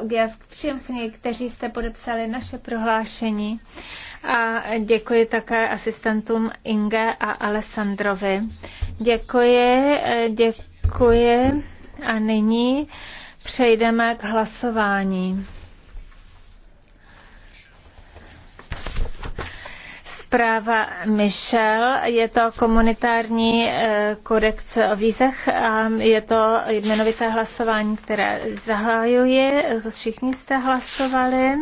Ugias, všichni, kteří jste podepsali naše prohlášení. A děkuji také asistentům Inge a Alessandrovi. Děkuji, děkuji. A nyní přejdeme k hlasování. zpráva Michel. Je to komunitární eh, kodex o vízech a je to jmenovité hlasování, které zahajuji. Všichni jste hlasovali.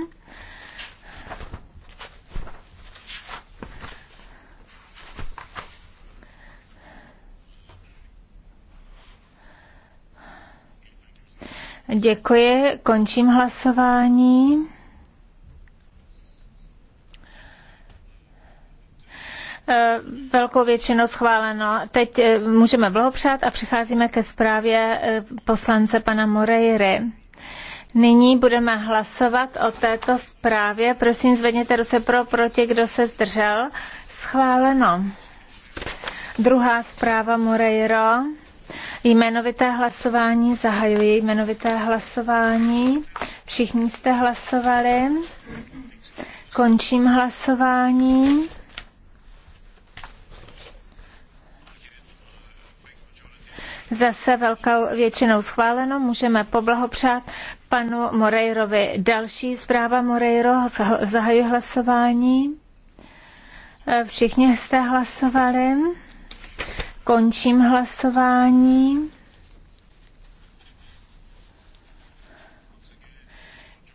Děkuji, končím hlasování. Eh, velkou většinou schváleno. Teď eh, můžeme blahopřát a přecházíme ke zprávě eh, poslance pana Moreiry. Nyní budeme hlasovat o této zprávě. Prosím, zvedněte ruce pro, proti, kdo se zdržel. Schváleno. Druhá zpráva Moreiro. Jmenovité hlasování, zahajuji jmenovité hlasování. Všichni jste hlasovali. Končím hlasování. zase velkou většinou schváleno. Můžeme poblahopřát panu Moreirovi. Další zpráva Moreiro, zahajuji hlasování. E, všichni jste hlasovali. Končím hlasování.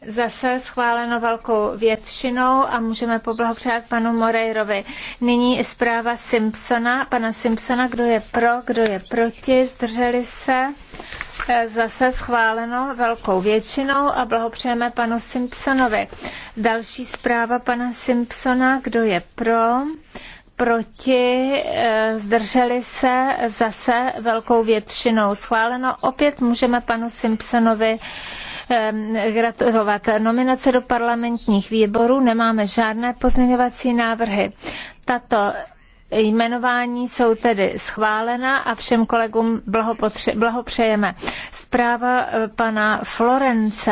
zase schváleno velkou většinou a můžeme poblahopřát panu Morejrovi. Nyní zpráva Simpsona, pana Simpsona, kdo je pro, kdo je proti, zdrželi se. E, zase schváleno velkou většinou a blahopřejeme panu Simpsonovi. Další zpráva pana Simpsona, kdo je pro, proti, e, zdrželi se zase velkou většinou. Schváleno opět můžeme panu Simpsonovi Ehm, gratulovat. Nominace do parlamentních výborů nemáme žádné pozměňovací návrhy. Tato Jmenování jsou tedy schválena a všem kolegům blahopřejeme. Zpráva eh, pana Florence.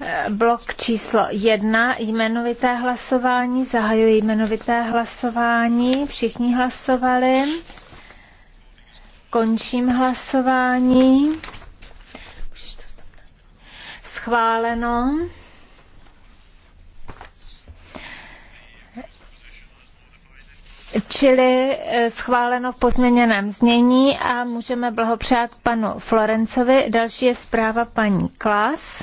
Eh, blok číslo jedna, jmenovité hlasování. Zahajuji jmenovité hlasování. Všichni hlasovali. Končím hlasování schváleno. čili eh, schváleno v pozměněném znění a můžeme blahopřát panu Florencovi. Další je zpráva paní Klas.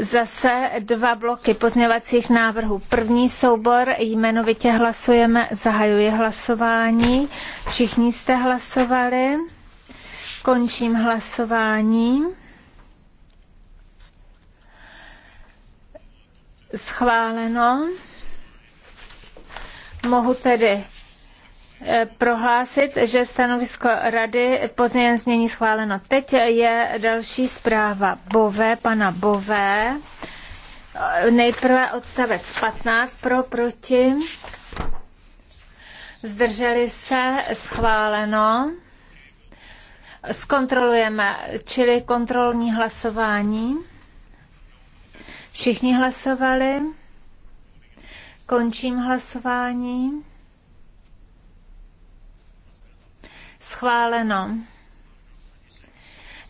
Zase dva bloky pozměvacích návrhů. První soubor jmenovitě hlasujeme, zahajuji hlasování. Všichni jste hlasovali. Končím hlasování. Schváleno. Mohu tedy eh, prohlásit, že stanovisko rady pozdějen změní schváleno. Teď je další zpráva Bové, pana Bové. Nejprve odstavec 15 pro proti. Zdrželi se schváleno. Zkontrolujeme, čili kontrolní hlasování. Všichni hlasovali. Končím hlasování. Schváleno.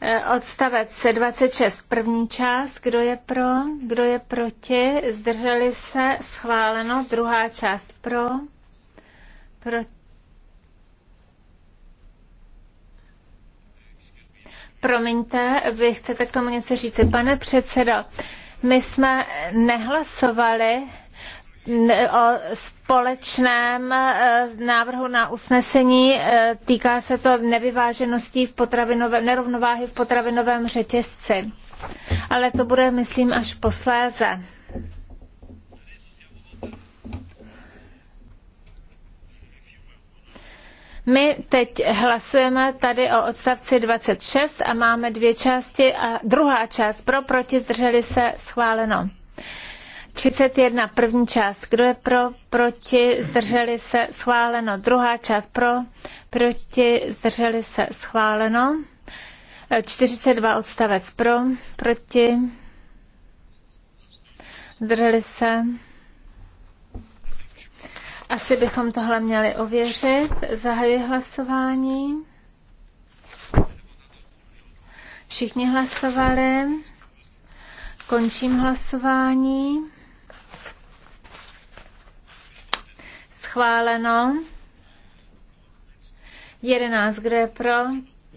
E, odstavec 26, první část, kdo je pro, kdo je proti, zdrželi se, schváleno, druhá část pro, Pro Promiňte, vy chcete k tomu něco říct. Pane předsedo, my jsme nehlasovali o společném e, návrhu na usnesení. E, týká se to nevyváženosti v potravinovém, nerovnováhy v potravinovém řetězci. Ale to bude, myslím, až posléze. My teď hlasujeme tady o odstavci 26 a máme dvě části a druhá část pro, proti, zdrželi se, schváleno. 31. První část. Kdo je pro, proti, zdrželi se, schváleno. Druhá část pro, proti, zdrželi se, schváleno. 42 odstavec pro, proti, zdrželi se, asi bychom tohle měli ověřit. Zahajuji hlasování. Všichni hlasovali. Končím hlasování. Schváleno. 11. Kdo je pro?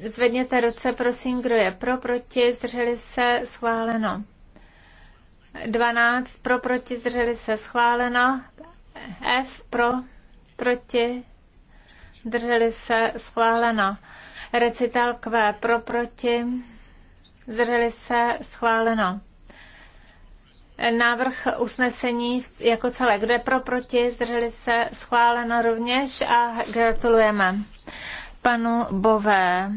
Zvedněte ruce, prosím, kdo je pro, proti, zdrželi se, schváleno. 12. Pro, proti, zdrželi se, schváleno. F pro, proti, drželi se, schváleno. Recital Q pro, proti, drželi se, schváleno. Návrh usnesení jako celé, kde pro, proti, zdrželi se, schváleno rovněž a gratulujeme panu Bové.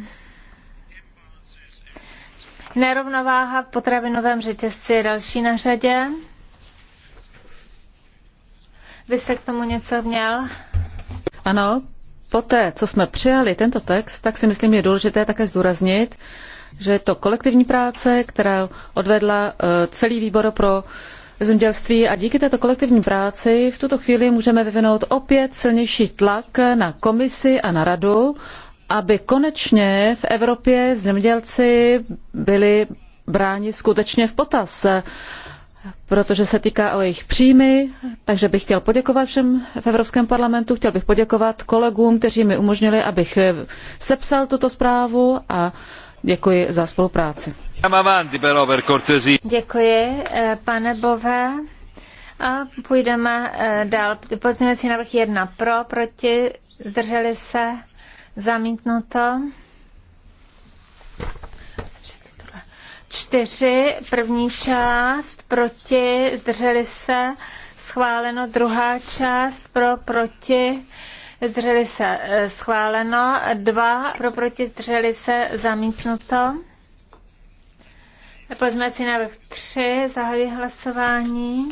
Nerovnováha v potravinovém řetězci je další na řadě. Vy jste k tomu něco měl? Ano, poté, co jsme přijali tento text, tak si myslím, je důležité také zdůraznit, že je to kolektivní práce, která odvedla eh, celý výbor pro zemědělství a díky této kolektivní práci v tuto chvíli můžeme vyvinout opět silnější tlak na komisi a na radu, aby konečně v Evropě zemědělci byli bráni skutečně v potaz protože se týká o jejich příjmy, takže bych chtěl poděkovat všem v Evropském parlamentu, chtěl bych poděkovat kolegům, kteří mi umožnili, abych eh, sepsal tuto zprávu a děkuji za spolupráci. Děkuji, eh, pane Bové. A půjdeme eh, dál. Pozměňovací návrh jedna pro, proti, zdrželi se, zamítnuto. 4, první část, proti, zdrželi se, schváleno, druhá část, pro, proti, zdrželi se, eh, schváleno, 2, pro, proti, zdrželi se, zamítnuto. Pojďme si návrh 3, zahajuji hlasování.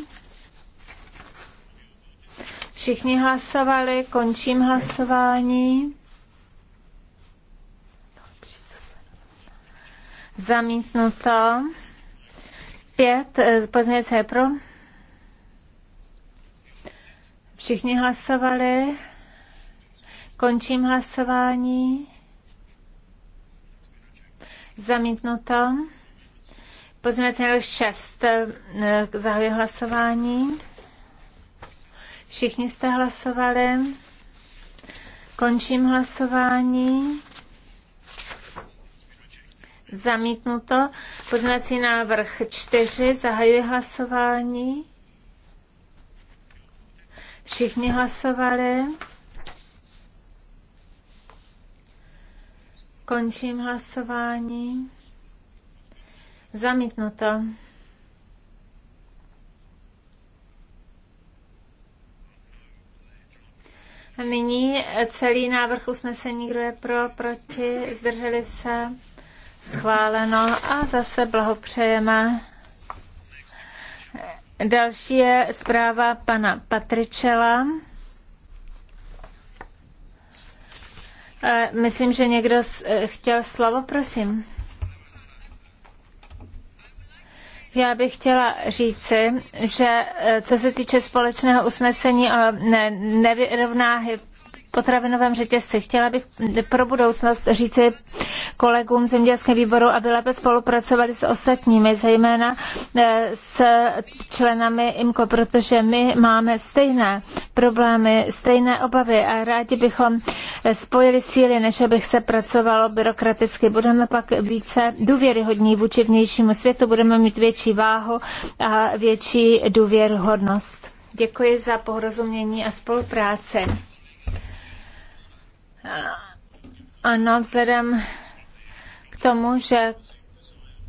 Všichni hlasovali, končím hlasování. Zamítnuto. Pět, eh, pozměnice je pro. Všichni hlasovali. Končím hlasování. Zamítnuto. Pozměnice návrh šest. Eh, Zahajuji hlasování. Všichni jste hlasovali. Končím hlasování. Zamítnuto. Pozměňovací návrh 4. Zahajuji hlasování. Všichni hlasovali. Končím hlasování. Zamítnuto. Nyní celý návrh usnesení, kdo je pro, proti, zdrželi se. Schváleno a zase blahopřejeme. Další je zpráva pana Patričela. Eh, myslím, že někdo eh, chtěl slovo, prosím. Já bych chtěla říci, že eh, co se týče společného usnesení o ne, nevyrovnáhy potravinovém řetězci. Chtěla bych pro budoucnost říci kolegům v zemědělském výboru, aby lépe spolupracovali s ostatními, zejména eh, s členami IMCO, protože my máme stejné problémy, stejné obavy a rádi bychom eh, spojili síly, než abych se pracovalo byrokraticky. Budeme pak více důvěryhodní vůči vnějšímu světu, budeme mít větší váhu a větší důvěryhodnost. Děkuji za porozumění a spolupráci. Ano, vzhledem tomu, že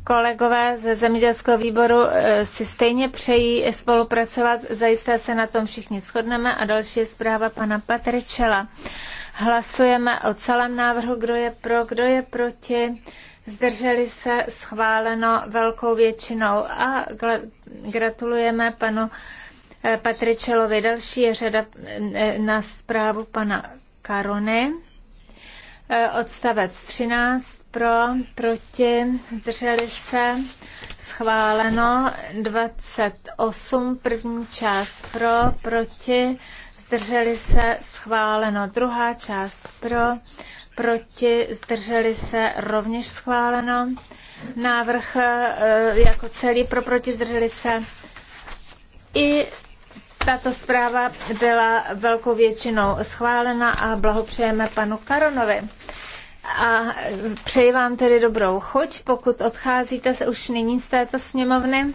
kolegové ze zemědělského výboru eh, si stejně přejí spolupracovat, zajisté se na tom všichni shodneme. A další je zpráva pana Patričela. Hlasujeme o celém návrhu, kdo je pro, kdo je proti. Zdrželi se schváleno velkou většinou a gratulujeme panu eh, Patričelovi. Další je řada eh, na zprávu pana Karony. E, odstavec 13 pro, proti, zdrželi se, schváleno 28, první část pro, proti, zdrželi se, schváleno druhá část pro, proti, zdrželi se, rovněž schváleno. Návrh e, jako celý pro, proti, zdrželi se, i tato zpráva byla velkou většinou schválena a blahopřejeme panu Karonovi. A přeji vám tedy dobrou chuť, pokud odcházíte už nyní z této sněmovny.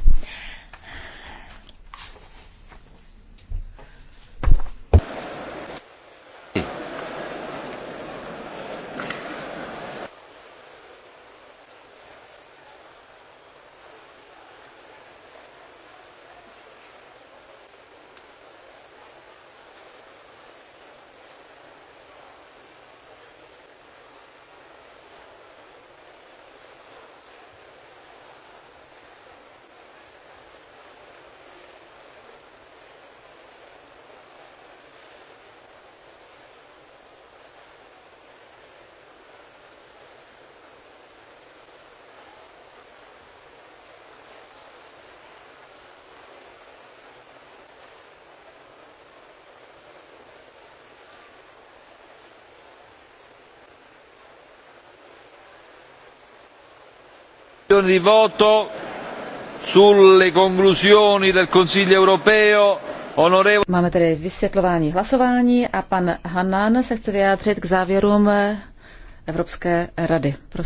dichiarazione di voto sulle conclusioni del Consiglio europeo. Onorevole... Máme tady vysvětlování hlasování a pan Hannan se chce vyjádřit k závěrům Evropské rady. Prosím.